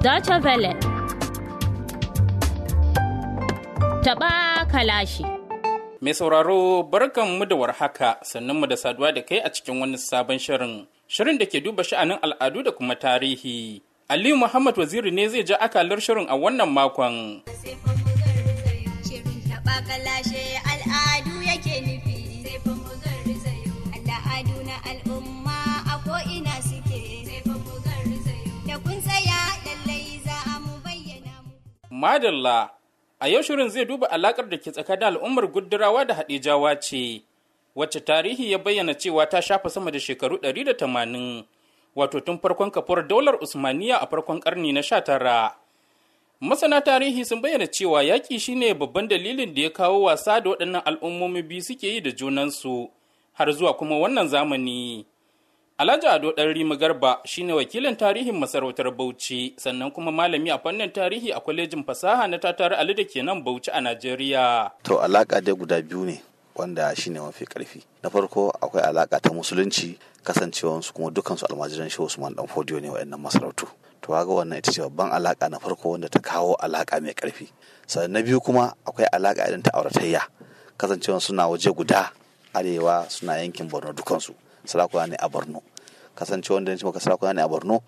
Deutsche Welle. Taɓa kalashi. Mai sauraro barkan mu da warhaka sannan mu da saduwa da kai a cikin wani sabon shirin. Shirin da ke duba sha'anin al'adu da kuma tarihi. Aliyu Muhammad Waziri ne zai ja akalar shirin a wannan makon. Madalla, a yau shirin zai duba alakar da ke tsakanin al'ummar Gudurawa da Hadejawa ce, wacce tarihi ya bayyana cewa ta shafa sama da shekaru ɗari da tamanin, wato tun farkon kafuwar daular Usmaniya a farkon karni na sha tara. Masana tarihi sun bayyana cewa yaƙi shine babban dalilin da ya kawo wasa da waɗannan al'ummomi biyu suke yi da junansu har zuwa kuma wannan zamani. Alhaji Ado ɗan Rima Garba shine wakilin tarihin masarautar Bauchi sannan kuma malami a fannin tarihi a kwalejin fasaha na Tatar Ali da ke nan Bauchi a Najeriya. To alaka dai guda biyu ne wanda shine mafi karfi. Na farko akwai alaka ta musulunci kasancewansu kuma dukansu almajiran shi Usman dan Fodiyo ne waɗannan masarautu. To ga wannan ita ce babban alaka na farko wanda ta kawo alaka mai karfi. Sannan na biyu kuma akwai alaka irin ta auratayya kasancewan suna waje guda arewa suna yankin Borno dukansu. Sarakuna ne a Borno. kasance wanda ce maka sarakuna ne a borno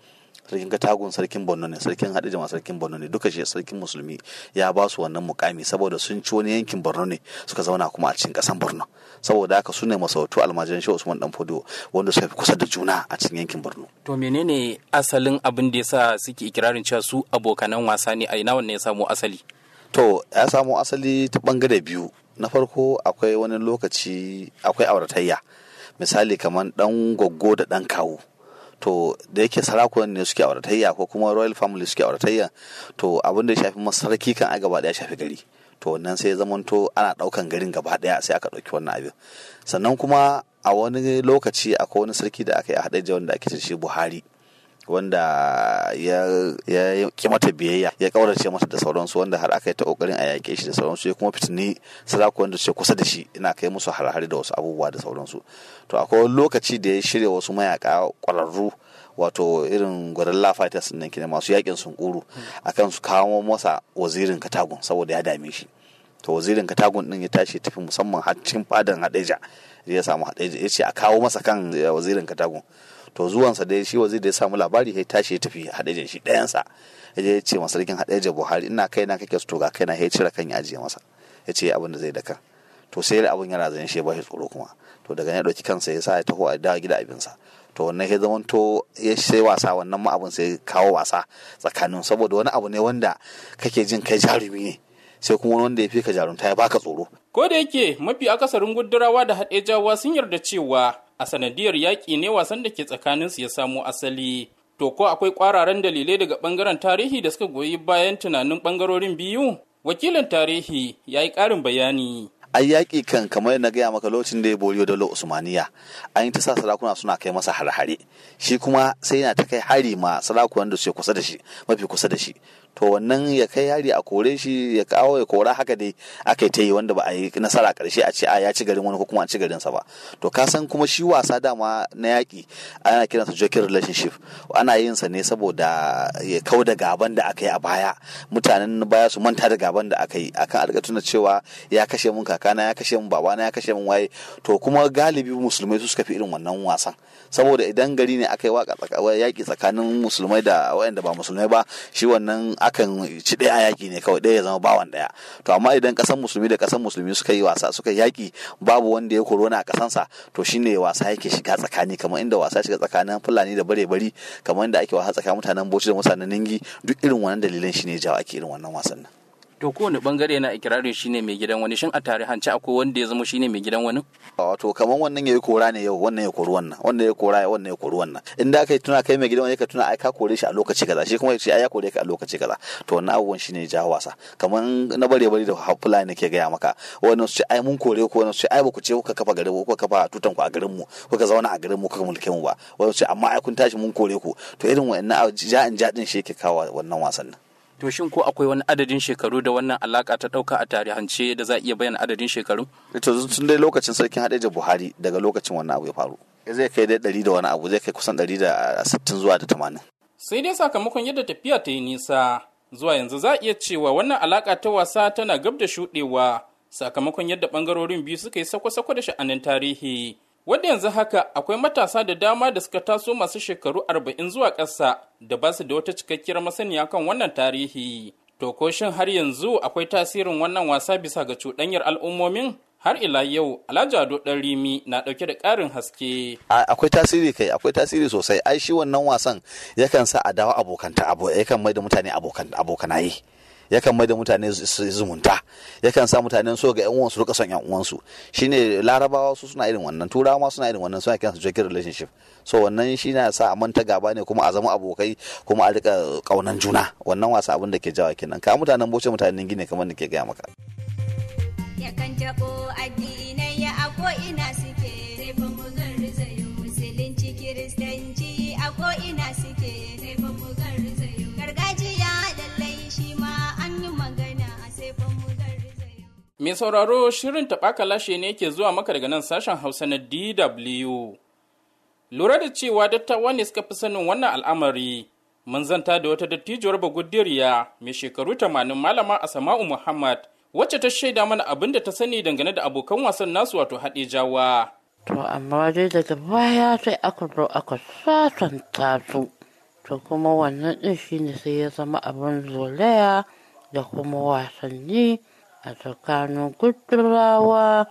sarkin katagun sarkin borno ne sarkin haɗe jama'a sarkin borno ne duka shi sarkin musulmi ya ba su wannan mukami saboda sun ci wani yankin borno ne suka zauna kuma a cikin ƙasan borno saboda haka su ne masautu almajiran shi usman dan fodo wanda suka fi kusa da juna a cikin yankin borno to menene asalin abin da yasa suke ikirarin cewa su abokanan wasa ne a ina wannan ya samu asali to ya samu asali ta bangare biyu na farko akwai wani lokaci akwai auratayya misali kamar dan goggo da dan kawo to da yake sarakunan ne suke auratayya ko kuma royal family suke auratayya to abin da ya shafi masarki kan a gaba ya shafi gari to wannan sai ya zamanto ana daukan garin gaba daya sai aka dauki wannan abin sannan kuma a wani lokaci akwai wani sarki da aka yi a haɗe wanda ake shi buhari wanda ya ki mata biyayya ya kaurace mata da sauransu wanda har aka yi ta kokarin a yaƙe shi da sauransu ya kuma fitini sarakun da suke kusa da shi ina kai musu harhari da wasu abubuwa da sauransu to akwai wani lokaci da ya shirya wasu mayaka kwararru wato irin gwarilla sun nan kina masu yakin sun kuru akan su kawo masa wazirin katagun saboda ya dame shi to wazirin katagun din ya tashi tafi musamman har cikin fadan hadeja zai samu haɗe ya ce a kawo masa kan eh, wazirin katako to zuwansa dai shi wazir da ya samu labari ya tashi ya tafi haɗejen shi ɗayansa ya ce masa sarkin haɗejen buhari ina kai na kake to ga kai na ya cire kan ya ajiye masa ya ce abin da zai daka to sai da abin yana zan shi ba shi tsoro kuma to daga ya ɗauki kansa ya sa ya taho a dawo gida abinsa to wannan ya zama to ya sai wasa wannan ma abin sai kawo wasa tsakanin saboda wani abu ne wanda kake jin kai jarumi ne sai kuma wanda ya fi ka jarumta ya baka tsoro. Ko da yake mafi akasarin gudurawa da jawa sun yarda cewa a sanadiyar yaƙi ne wasan da ke tsakanin su ya samo asali. To ko akwai ƙwararren dalilai daga ɓangaren tarihi da suka goyi bayan tunanin ɓangarorin biyu? Wakilin tarihi ya yi ƙarin bayani. ai yaƙi kan kamar na gaya maka lokacin da ya bori da Usmaniyya, an yi ta sa sarakuna suna kai masa hare-hare shi kuma sai yana ta kai hari ma sarakunan da su kusa da shi mafi kusa da shi to wannan ya kai yari a kore shi ya kawo ya kora haka dai aka ta yi wanda ba a yi nasara karshe a ce a ya ci garin wani ko kuma a ci garinsa ba to ka san kuma shi wasa dama na yaƙi, ana kiran sa joker relationship ana yin sa ne saboda ya kau da gaban da aka yi a baya mutanen baya su manta da gaban da aka yi akan alga tuna cewa ya kashe mun kakana ya kashe mun babana ya kashe mun waye to kuma galibi musulmai su suka fi irin wannan wasan saboda idan gari ne aka yi waka yaƙi tsakanin musulmai da waɗanda ba musulmai ba shi wannan akan ci ɗaya yaki ne kawai ɗaya ya zama bawan ɗaya to amma idan ƙasar musulmi da ƙasar musulmi suka yi wasa suka yaki babu wanda ya korona a ƙasansa to shine wasa yake shiga tsakani kamar inda wasa shiga tsakanin fulani da bare bari kamar inda ake wasa tsakanin mutanen bauchi da mutanen ningi duk irin wannan dalilin shine jawo ake irin wannan wasan nan to kowane bangare yana ikirarin shine mai gidan wani shin a tarihance akwai wanda ya zama shine mai gidan wani wato kamar wannan yayi kora ne yau wannan ya kori wannan wannan ya kora wannan ya kori wannan in da kai tuna kai mai gidan wani ka tuna ai ka kore shi a lokaci kaza shi kuma ya ce ai ya kore ka a lokaci kaza to wannan abubuwan shine ja wasa kamar na bare bare da hafula ne ke gaya maka wannan su ce ai mun kore ko wannan su ce ai baku ce kuka kafa garin kuka kafa tutan ku a garin mu kuka zauna a garin mu kuka mulke mu ba wannan su ce amma ai kun tashi mun kore ku to irin wa'annan ja in ja din shi yake kawo wannan wasan nan To shin ko akwai wani adadin shekaru da wannan alaka ta dauka a tarihance da za a iya bayyana adadin shekaru? To tun dai lokacin sarkin Hadeja Buhari daga lokacin wannan abu ya faru. Zai kai dai ɗari da wani abu zai kai kusan ɗari da sittin zuwa da tamanin. Sai dai sakamakon yadda tafiya ta yi nisa zuwa yanzu za a iya cewa wannan alaka ta wasa tana gab da shuɗewa sakamakon yadda ɓangarorin biyu suka yi sako-sako da sha'anin tarihi Wanda yanzu haka akwai matasa da dama da suka taso masu shekaru arba'in zuwa ƙasa da ba su da wata cikakkiyar masaniya kan wannan tarihi. To ko shin har yanzu akwai tasirin wannan wasa bisa ga cuɗanyar al'ummomin? har ila yau alhaji ado ɗan rimi na ɗauke da ƙarin haske akwai tasiri kai akwai tasiri sosai ai shi wannan wasan yakan sa a dawo abokanta yakan mai da mutane abokan abokanaye yakan mai da mutane su zumunta yakan sa mutane so ga yan uwansu duka son yan uwansu shine larabawa su suna irin wannan turawa ma suna irin wannan suna su jokin relationship so wannan shi na sa a manta gaba ne kuma a zama abokai kuma a rika kaunan juna wannan wasa abin da ke jawa kenan ka mutanen boce mutanen gine kamar da ke gaya maka yakan jabo addinai ya ako Mai sauraro shirin taɓaka lashe ne ke zuwa maka daga nan sashen Hausa na DW. Lura da cewa dattawa ne suka fi sanin wannan al'amari, mun zanta da wata dattijuwar bagudiriya mai shekaru tamanin malama a Asama'u Muhammad, wacce ta shaida mana abin da ta sani dangane da abokan wasan nasu wato haɗe jawa. To amma dai daga baya sai aka zo aka sasanta su, to kuma wannan ɗin ne sai ya zama abin zolaya da kuma wasanni. a tsakanin gudurawa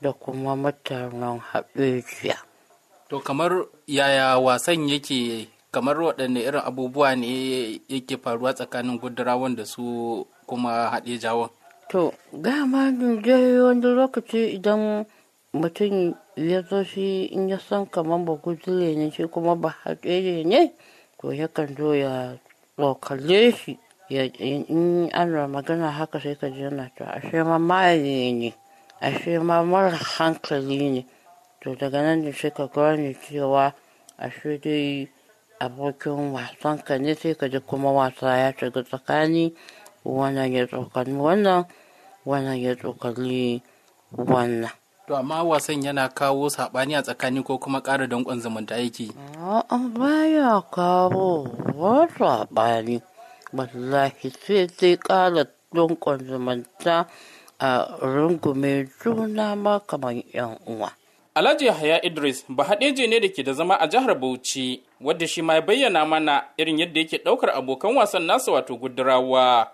da kuma mutanen haɗejiya. To kamar yaya wasan yake kamar waɗanne irin abubuwa ne yake faruwa tsakanin gudurawan da su kuma haɗejawan? To gama dai wani lokaci idan mutum ya zo shi in ya san kamar ba gudure ne shi kuma ba haɗe ne to yakan zo ya tsokale shi in ana magana haka sai ka jina yana to ashe ma ne ashe ma mar hankali ne to daga nan da sai ka gane cewa ashe dai abokin wasan ka ne sai ka ji kuma wasa ya shiga tsakani wannan ya tsokali wannan wannan ya tsokali wannan to amma wasan yana kawo saɓani a tsakani ko kuma ƙara danƙon zumunta aiki. a'a baya kawo saɓani wallahi sai dai kara donkon zumunta a rungume juna ma kamar yan uwa. Alhaji Yahaya Idris ba haɗeje ne da ke da zama a jihar Bauchi wadda shi ma ya bayyana mana irin yadda yake ɗaukar abokan wasan nasa wato gudurawa.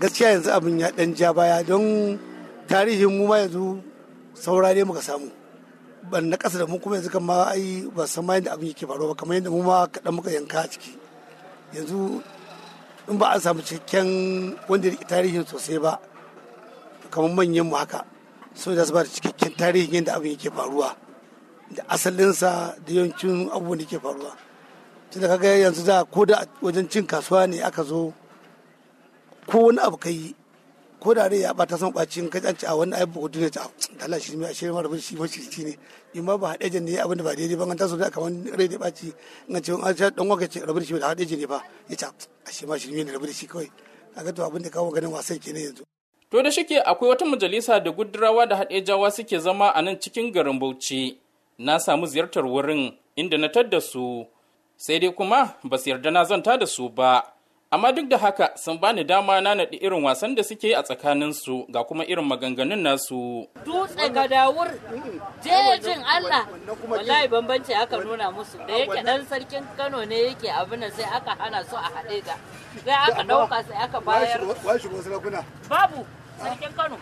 Gaskiya yanzu abin ya ɗan ja baya don tarihin mu ma yanzu saura ne muka samu. Ban na ƙasa da mu kuma yanzu kama ai ba san ma yadda abin yake faruwa kamar yadda mu ma kaɗan muka yanka a ciki. Yanzu in ba a samu cikakken wanda tarihin sosai ba kamar manyan mu haka sun da su ba da cikakken tarihin yadda abin yake faruwa da asalinsa da yawancin abubuwan da ke faruwa tun da kaga yanzu za ko da wajen cin kasuwa ne aka zo ko wani abu ka yi ko da ya bata son bacin ka ci a wannan aibu kudu ne ta Allah shi mai shirin ma rabin shi fashi shi ne in ma ba jin ne abin da ba daidai ba ta so da kaman rai da baci in ce an sha dan waka ce rabin shi da jin ne ba ya ta shi ma shi ne rabin shi kawai ga to abin da kawo ganin wasan ne yanzu to da shike akwai wata majalisa da gudurawa da jawa suke zama a nan cikin garin Bauchi na samu ziyartar wurin inda na tadda su sai dai kuma ba su yarda na zanta da su ba amma duk da haka sun bani dama na naɗi irin wasan da suke a tsakaninsu ga kuma irin maganganun nasu dutse ga dawur jejin allah wallahi bambanci aka nuna musu da yake dan sarkin kano ne yake abin sai aka hana su a haɗe ga sai aka ɗauka sai aka bayar babu sarkin kano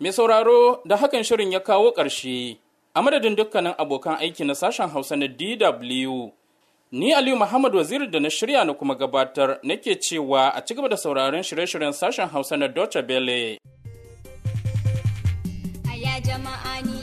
Me sauraro da hakan shirin ya kawo ƙarshe a madadin dukkanin abokan aiki na sashen hausa na dw Ni Aliyu Muhammad Waziri da na shirya na kuma gabatar nake cewa a cigaba da sauraron shirye-shiryen sashen Hausa na Deutsche Welle. jama'a ni